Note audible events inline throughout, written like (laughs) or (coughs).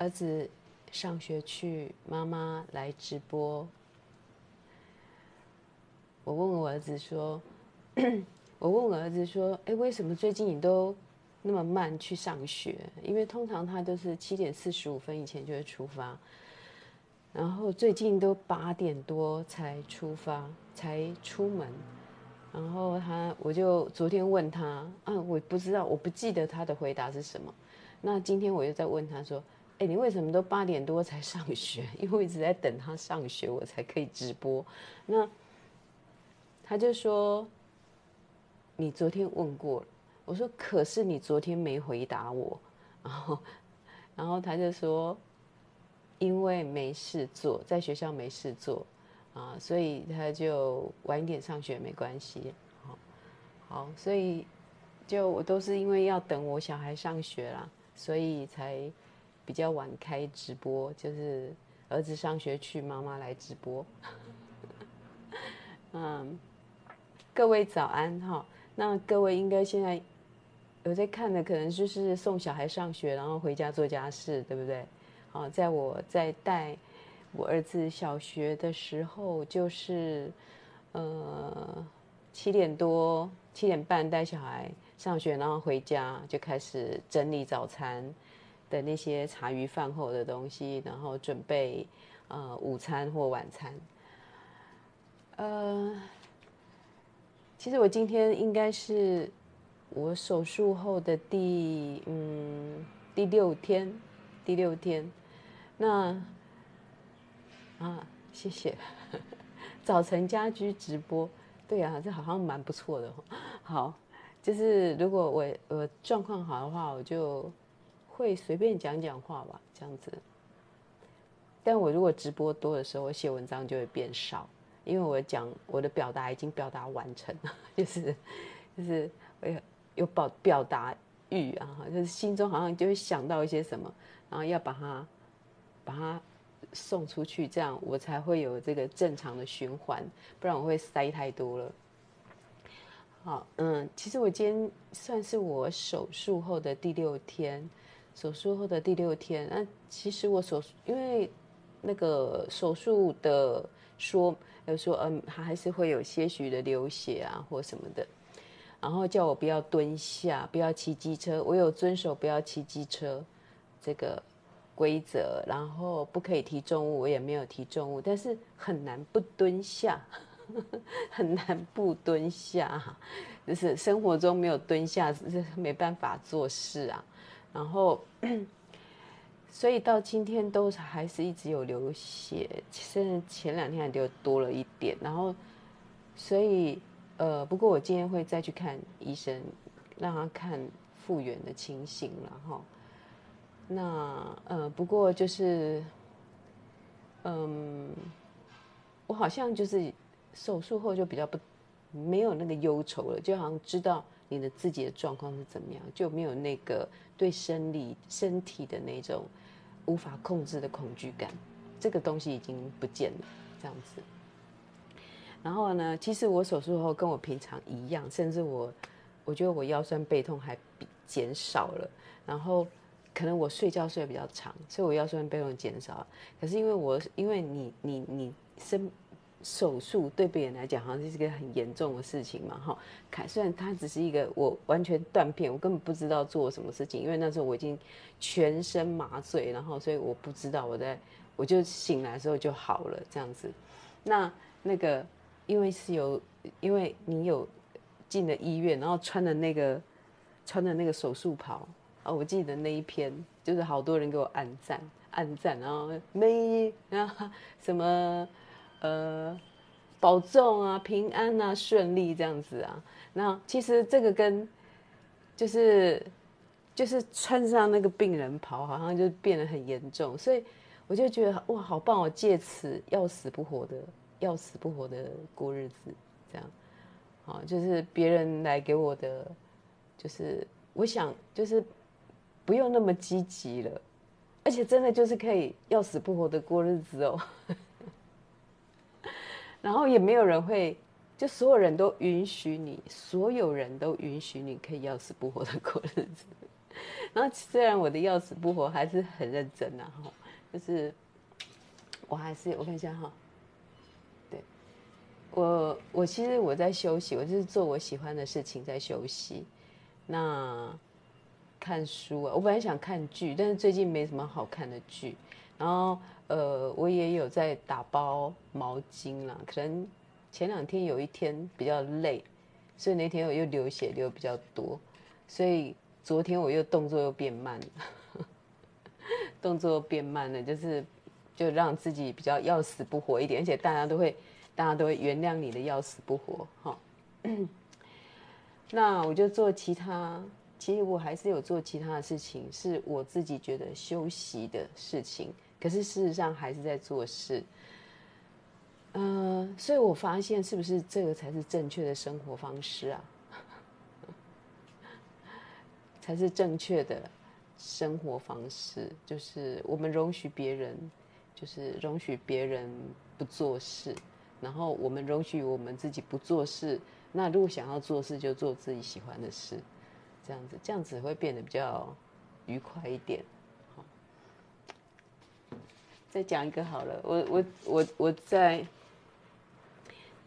兒子上學去，媽媽來直播。我問我兒子說：“ (coughs) 我問我兒子說，哎，為什麼最近你都那麼慢去上學？因為通常他都是七點四十五分以前就會出發，然後最近都八點多才出發，才出門。然後他，我就昨天問他啊，我不知道，我不記得他的回答是什麼。那今天我又在問他說。”哎、欸，你為什麼都八點多才上學？因為我一直在等他上學，我才可以直播。那他就說：“你昨天問過了。”我說：“可是你昨天沒回答我。”然後，然後他就說：“因為沒事做，在學校沒事做啊，所以他就晚一點上學沒關係。”好，好，所以就我都是因為要等我小孩上學啦，所以才。比較晚開直播，就是兒子上學去，媽媽來直播。 (laughs) 嗯，各位早安哈。那各位應該現在有在看的，可能就是送小孩上學，然後回家做家事，對不對？好，在我在帶我兒子小學的時候，就是呃、嗯、七點多、七點半帶小孩上學，然後回家就開始整理早餐。的那些茶餘飯後的東西，然後準備呃午餐、或晚餐。呃，其實我今天應該是我手術後的第嗯第六天，第六天。那啊，謝謝 (laughs) 早晨家居直播，對啊，這好像蠻不錯的。好，就是如果我我狀況好的話，我就。會隨便講講話吧，這樣子。但我如果直播多的時候，我寫文章就會變少，因為我講我的表達已經表達完成了，就是就是我有有表表達欲啊，就是心中好像就會想到一些什麼，然後要把它把它送出去，這樣我才會有這個正常的循環，不然我會塞太多了。好，嗯，其實我今天算是我手術後的第六天。手術後的第六天，那、啊、其實我手術，因為那個手術的說，有說嗯，他還是會有些許的流血啊，或什麼的。然後叫我不要蹲下，不要騎機車，我有遵守不要騎機車這個規則，然後不可以提重物，我也沒有提重物，但是很難不蹲下，呵呵很難不蹲下，就是生活中沒有蹲下，就是沒辦法做事啊。然後，所以到今天都還是一直有流血，甚至前兩天還流多了一點。然後，所以呃，不過我今天會再去看醫生，讓他看復原的情形，然後，那，呃，不過就是，嗯，我好像就是手術後就比較不，沒有那個憂愁了，就好像知道。你的自己的狀況是怎麼樣？就沒有那個對生理身體的那種無法控制的恐懼感，這個東西已經不見了。這樣子，然後呢，其實我手術後跟我平常一樣，甚至我我覺得我腰酸背痛還比減少了。然後可能我睡覺睡得比較長，所以我腰酸背痛減少了。可是因為我因為你你你身手術對別人來講好像是一個很嚴重的事情嘛，哈。凱，雖然他只是一個我完全斷片，我根本不知道做什麼事情，因為那時候我已經全身麻醉，然後所以我不知道我在，我就醒來的時候就好了這樣子。那那個，因為是有，因為你有進了醫院，然後穿的那個穿的那個手術袍啊、哦，我記得那一篇就是好多人給我按讚，按讚，然後美，然後什麼。呃，保重啊，平安啊，順利這樣子啊。那其實這個跟，就是，就是穿上那個病人袍，好像就變得很嚴重。所以我就覺得哇，好棒！我借此要死不活的，要死不活的過日子，這樣。好，就是別人來給我的，就是我想，就是不用那麼積極了，而且真的就是可以要死不活的過日子哦。然後也沒有人會，就所有人都允許你，所有人都允許你可以要死不活的過日子。然後雖然我的要死不活還是很認真吶，哈，就是，我還是我看一下哈，對，我我其實我在休息，我就是做我喜歡的事情在休息。那看書啊，我本來想看劇，但是最近沒什麼好看的劇，然後。呃，我也有在打包毛巾啦。可能前兩天有一天比較累，所以那天我又流血流比較多，所以昨天我又動作又變慢了呵呵，動作又變慢了，就是就讓自己比較要死不活一點，而且大家都會大家都會原諒你的要死不活哈、哦。 (coughs) 那我就做其他，其實我還是有做其他的事情，是我自己覺得休息的事情。可是事實上還是在做事，呃，所以我發現是不是這個才是正確的生活方式啊？ (laughs) 才是正確的生活方式，就是我們容許別人，就是容許別人不做事，然後我們容許我們自己不做事。那如果想要做事，就做自己喜歡的事，這樣子，這樣子會變得比較愉快一點。再講一個好了，我我我我在，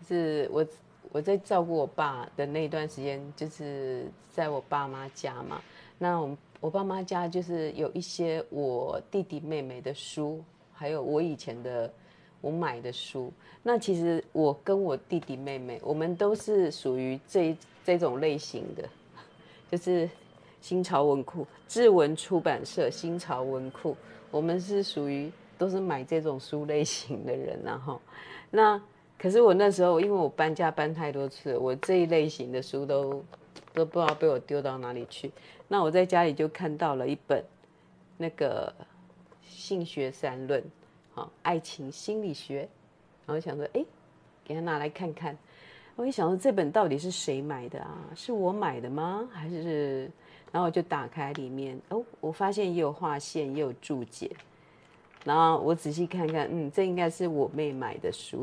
是我我在照顧我爸的那段時間，就是在我爸媽家嘛。那我我爸媽家就是有一些我弟弟妹妹的書，還有我以前的我買的書。那其實我跟我弟弟妹妹，我們都是屬於這這種類型的，就是新潮文庫，志文出版社新潮文庫，我們是屬於。都是買這種書類型的人，然後，那可是我那時候，因為我搬家搬太多次了，我這一類型的書都都不知道被我丟到哪裡去。那我在家裡就看到了一本，那個《性學三論》，愛情心理學。然後想說，哎、欸，給他拿來看看。我一想說，這本到底是誰買的啊？是我買的嗎？還是？然後我就打開裡面，哦，我發現也有畫線，也有注解。然後我仔細看看，嗯，這應該是我妹買的書，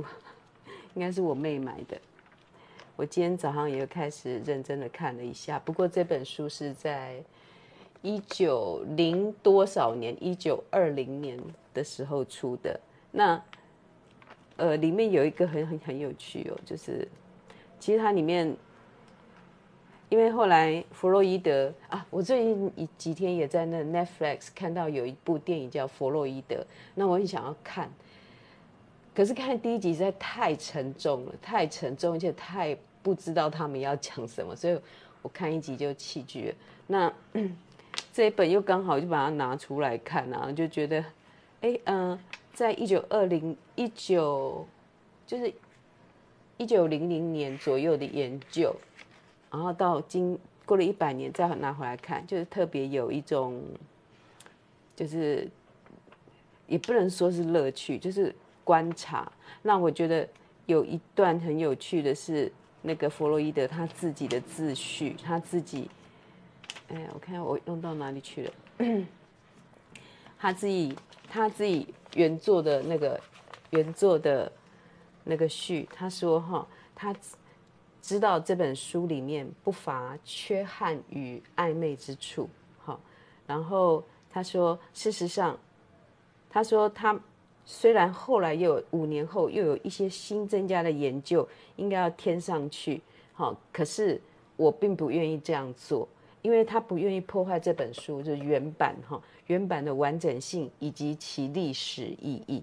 應該是我妹買的。我今天早上也開始認真的看了一下，不過這本書是在一九零多少年，一九二零年的時候出的。那，呃，裡面有一個很很很有趣哦，就是其實它裡面。因為後來弗洛伊德啊，我最近幾天也在那 Netflix 看到有一部電影叫《弗洛伊德》，那我很想要看，可是看第一集實在太沉重了，太沉重，而且太不知道他們要講什麼，所以我看一集就棄劇。那、嗯、這一本又剛好就把它拿出來看啊，然後就覺得，哎，嗯、呃，在一九二零一九，就是一九零零年左右的研究。然後到今，過了一百年再拿回來看，就是特別有一種，就是也不能說是樂趣，就是觀察。那我覺得有一段很有趣的是，那個弗洛伊德他自己的自序，他自己，哎，我看下我用到哪裡去了？他自己他自己原作的那個原作的那個序，他說哈，他。知道這本書裡面不乏缺憾與曖昧之處，哈，然後他說，事實上，他說他雖然後來又五年後又有一些新增加的研究，應該要添上去，哈，可是我並不願意這樣做，因為他不願意破壞這本書就是原版哈原版的完整性以及其歷史意義，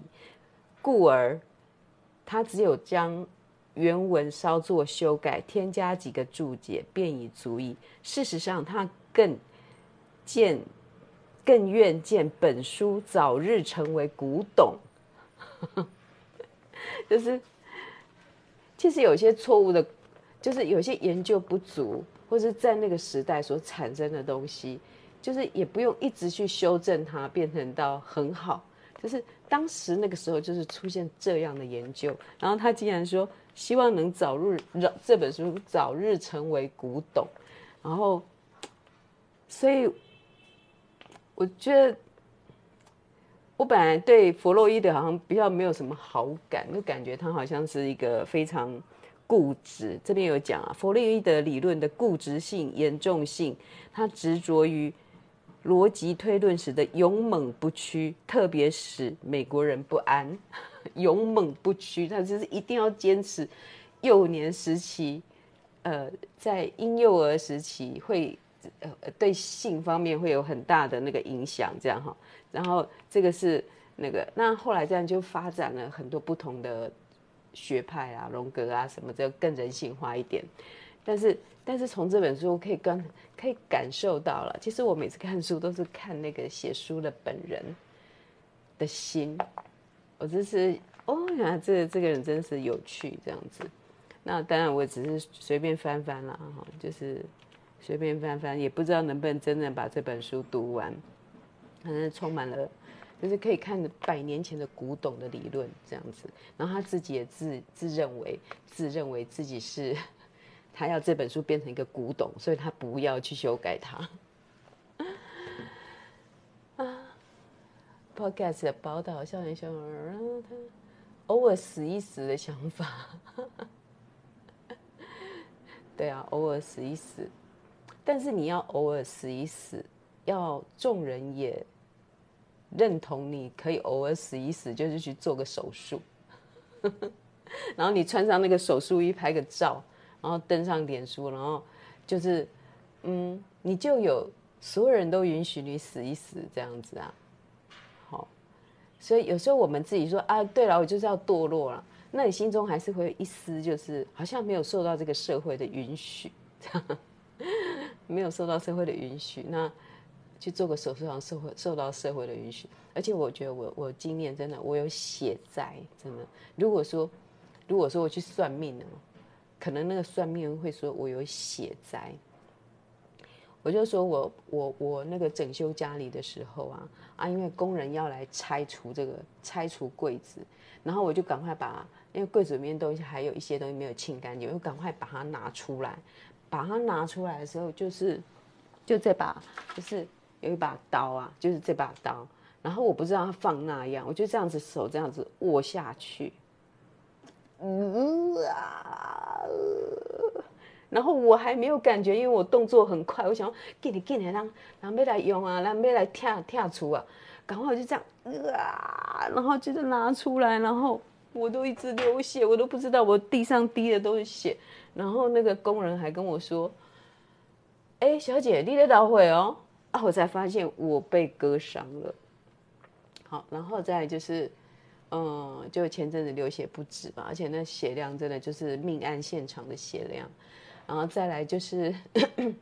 故而他只有將，原文稍作修改，添加幾個注解便已足矣。事實上，他更見，更願見本書早日成為古董。 (laughs) 就是，其實有些錯誤的，就是有些研究不足，或是在那個時代所產生的東西，就是也不用一直去修正它，變成到很好。就是當時那個時候，就是出現這樣的研究，然後他竟然說。希望能早日讓這本書早日成為古董，然後，所以我覺得我本來對弗洛伊德好像比較沒有什麼好感，就感覺他好像是一個非常固執。這邊有講啊，弗洛伊德理論的固執性、嚴重性，他執着於。邏輯推論時的勇猛不屈，特別使美國人不安呵呵。勇猛不屈，他就是一定要堅持。幼年時期，呃，在嬰幼兒時期會，呃，對性方面會有很大的那個影響，這樣哈。然後這個是那個，那後來這樣就發展了很多不同的學派啊，榮格啊什麼，就更人性化一點。但是，但是從這本書，我可以感可以感受到了。其實我每次看書都是看那個寫書的本人的心。我就是，哦呀、啊，這個、這個人真是有趣這樣子。那當然，我只是隨便翻翻了哈、哦，就是隨便翻翻，也不知道能不能真正把這本書讀完。反正充滿了，就是可以看百年前的古董的理論這樣子。然後他自己也自自認為，自認為自己是。他要這本書變成一個古董，所以他不要去修改它。啊，Podcast 寶島少年新聞，他偶爾死一死的想法。 (laughs) 對啊，偶爾死一死，但是你要偶爾死一死，要眾人也認同，你可以偶爾死一死，就是去做個手術， (laughs) 然後你穿上那個手術衣拍個照。然後登上臉書，然後就是，嗯，你就有所有人都允許你死一死這樣子啊，好，所以有時候我們自己說啊，對了，我就是要墮落了，那你心中還是會有一絲，就是好像沒有受到這個社會的允許，這樣， (laughs) 沒有受到社會的允許，那去做個手術，上社會受到社會的允許。而且我覺得我，我我今年真的我有血災真的。如果說，如果說我去算命呢、啊？可能那個算命會說我有血災，我就說我我我那個整修家裡的時候啊啊，因為工人要來拆除這個拆除櫃子，然後我就趕快把因為櫃子裡面東西還有一些東西沒有清乾淨，我就趕快把它拿出來。把它拿出來的時候，就是就這把就是有一把刀啊，就是這把刀。然後我不知道它放哪樣，我就這樣子手這樣子握下去，嗯啊。呃、然後我還沒有感覺，因為我動作很快，我想說給你給你，讓讓妹來用啊，讓妹來跳跳除啊，趕快我就這樣啊、呃，然後就是拿出來，然後我都一直流血，我都不知道我地上滴的都是血，然後那個工人還跟我說：“哎、欸，小姐，你得到會哦。”啊，我才發現我被割傷了。好，然後再就是。嗯，就前陣子流血不止吧，而且那血量真的就是命案現場的血量。然後再來就是呵呵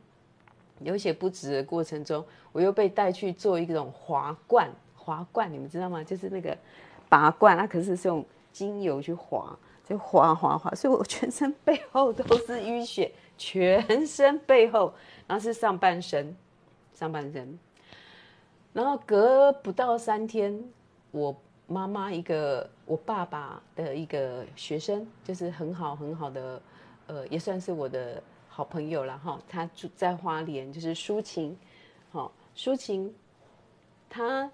流血不止的過程中，我又被帶去做一個種滑罐，滑罐，你們知道嗎？就是那個拔罐，那可是，是用精油去滑，就滑滑滑，所以我全身背後都是淤血，全身背後，然後是上半身，上半身。然後隔不到三天，我。媽媽一個，我爸爸的一個學生，就是很好很好的，呃，也算是我的好朋友了哈、哦。他住在花蓮，就是舒晴，好，舒晴、哦、舒晴，他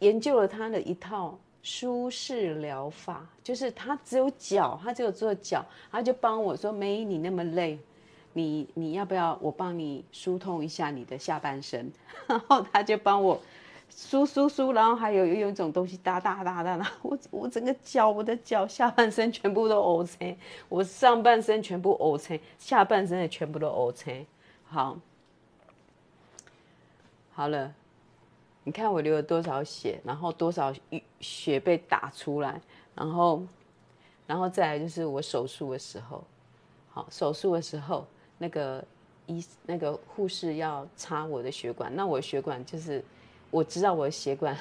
研究了他的一套舒適療法，就是他只有腳，他只有做腳，他就幫我說：沒你那麼累，你你要不要我幫你疏通一下你的下半身？然後他就幫我。輸輸輸，然後還有有一種東西噠噠噠噠噠，我我整個腳，我的腳下半身全部都烏青，我上半身全部烏青，下半身也全部都烏青。好，好了，你看我流了多少血，然後多少血被打出來，然後，然後再來就是我手術的時候，好，手術的時候，那個醫，那個護士要插我的血管，那我血管就是。我知道我的血管，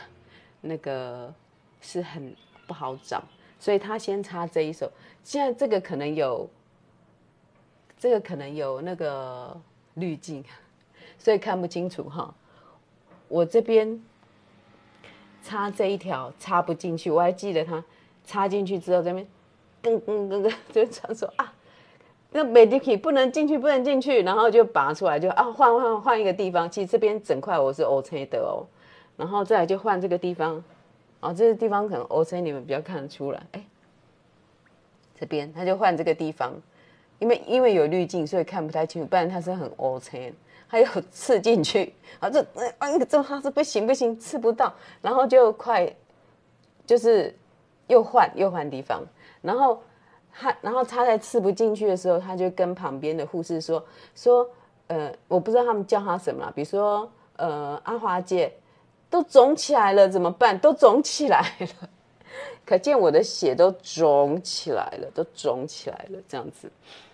那個是很不好找，所以他先插這一手。現在這個可能有，這個可能有那個濾鏡，所以看不清楚哈。我這邊插這一條插不進去，我還記得他插進去之後這邊，跟跟跟跟就常說啊，那 medic 不能進去，不能進去，去，然後就拔出來，就啊換換換一個地方。其實這邊整塊我是 OK 的哦。然後再來就換這個地方，哦，這個地方可能 O C 你們比較看得出來，哎，這邊他就換這個地方，因為因為有濾鏡，所以看不太清楚，不然他是很 O C，他又刺進去，啊、哎哎、這啊這他是不行不行刺不到，然後就快就是又換又換地方，然後他然後他在刺不進去的時候，他就跟旁邊的護士說說呃，我不知道他們叫他什麼，比如說呃阿華姐。都腫起來了怎麼辦？都腫起來了，可見我的血都腫起來了，都腫起來了這樣子。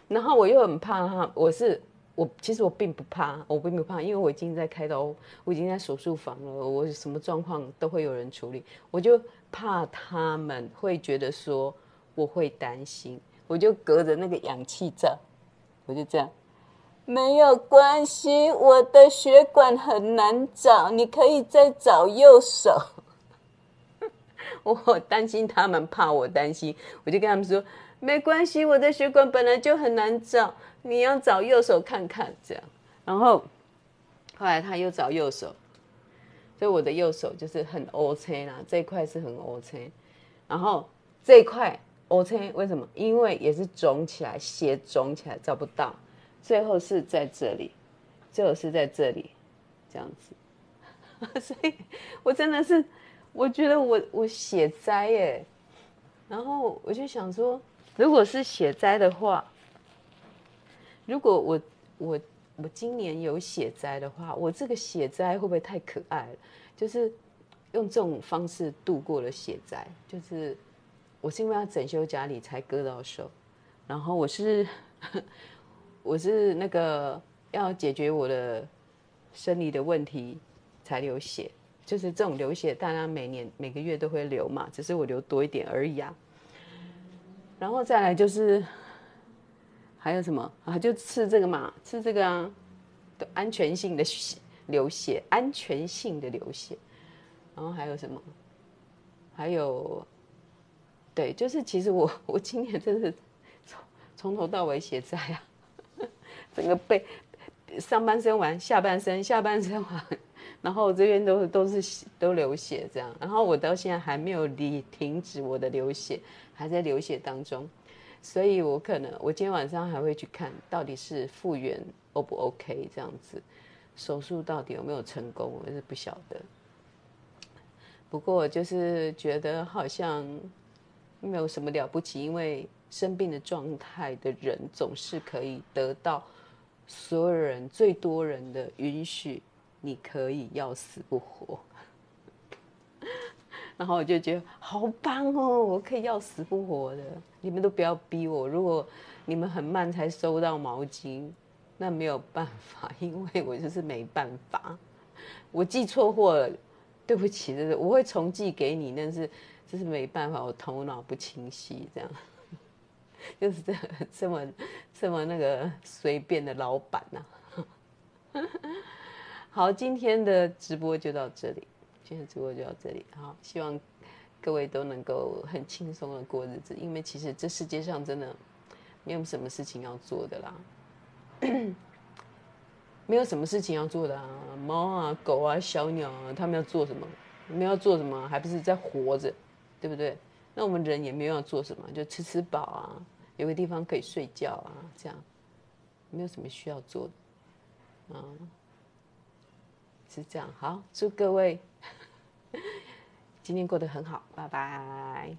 然後我又很怕他，我是我其實我並不怕，我並不怕，因為我已經在開刀，我已經在手術房了，我什麼狀況都會有人處理。我就怕他們會覺得說我會擔心，我就隔着那個氧氣罩，我就這樣。沒有關係，我的血管很難找，你可以再找右手。 (laughs) 我擔心他們，怕我擔心，我就跟他們說，沒關係，我的血管本來就很難找，你要找右手看看這樣。然後後來他又找右手，所以我的右手就是很 OK 啦，這一塊是很 OK。然後這一塊 OK 為什麼？因為也是腫起來，血腫起來找不到。最後是在這裡，最後是在這裡，這樣子， (laughs) 所以我真的是，我覺得我我血災耶，然後我就想說，如果是血災的話，如果我我我今年有血災的話，我這個血災會不會太可愛了？就是用這種方式度過了血災，就是我是因為要整修家裡才割到手，然後我是。 (laughs) 我是那個要解決我的生理的問題才流血，就是這種流血，大家每年每個月都會流嘛，只是我流多一點而已啊。然後再來就是還有什麼啊？就吃這個嘛，吃這個啊，安全性的流血，安全性的流血。然後還有什麼？還有對，就是其實我我今年真的從從頭到尾血災啊。整個背，上半身完，下半身下半身完，然後這邊都都是都流血這樣，然後我到現在還沒有離，停止我的流血，還在流血當中，所以我可能我今天晚上還會去看，到底是復原 O、哦、不 OK 這樣子，手術到底有沒有成功，我是不曉得。不過就是覺得好像沒有什麼了不起，因為生病的狀態的人總是可以得到，所有人最多人的允許，你可以要死不活。 (laughs) 然後我就覺得好棒哦，我可以要死不活的。你們都不要逼我，如果你們很慢才收到毛巾，那沒有辦法，因為我就是沒辦法。我寄錯貨了，對不起，就是我會重寄給你，但是這是沒辦法，我頭腦不清晰這樣。就是這這麼這麼那個隨便的老闆吶、啊， (laughs) 好，今天的直播就到這裡，今天的直播就到這裡，好，希望各位都能夠很輕鬆的過日子，因為其實這世界上真的沒有什麼事情要做的啦， (coughs) 沒有什麼事情要做的啊！貓啊、狗啊、小鳥啊，他們要做什麼？你們要做什麼？還不是在活着，對不對？那我們人也沒有要做什麼，就吃吃飽啊。有個地方可以睡覺啊，這樣，沒有什麼需要做的，啊，是這樣。好，祝各位今天過得很好，拜拜。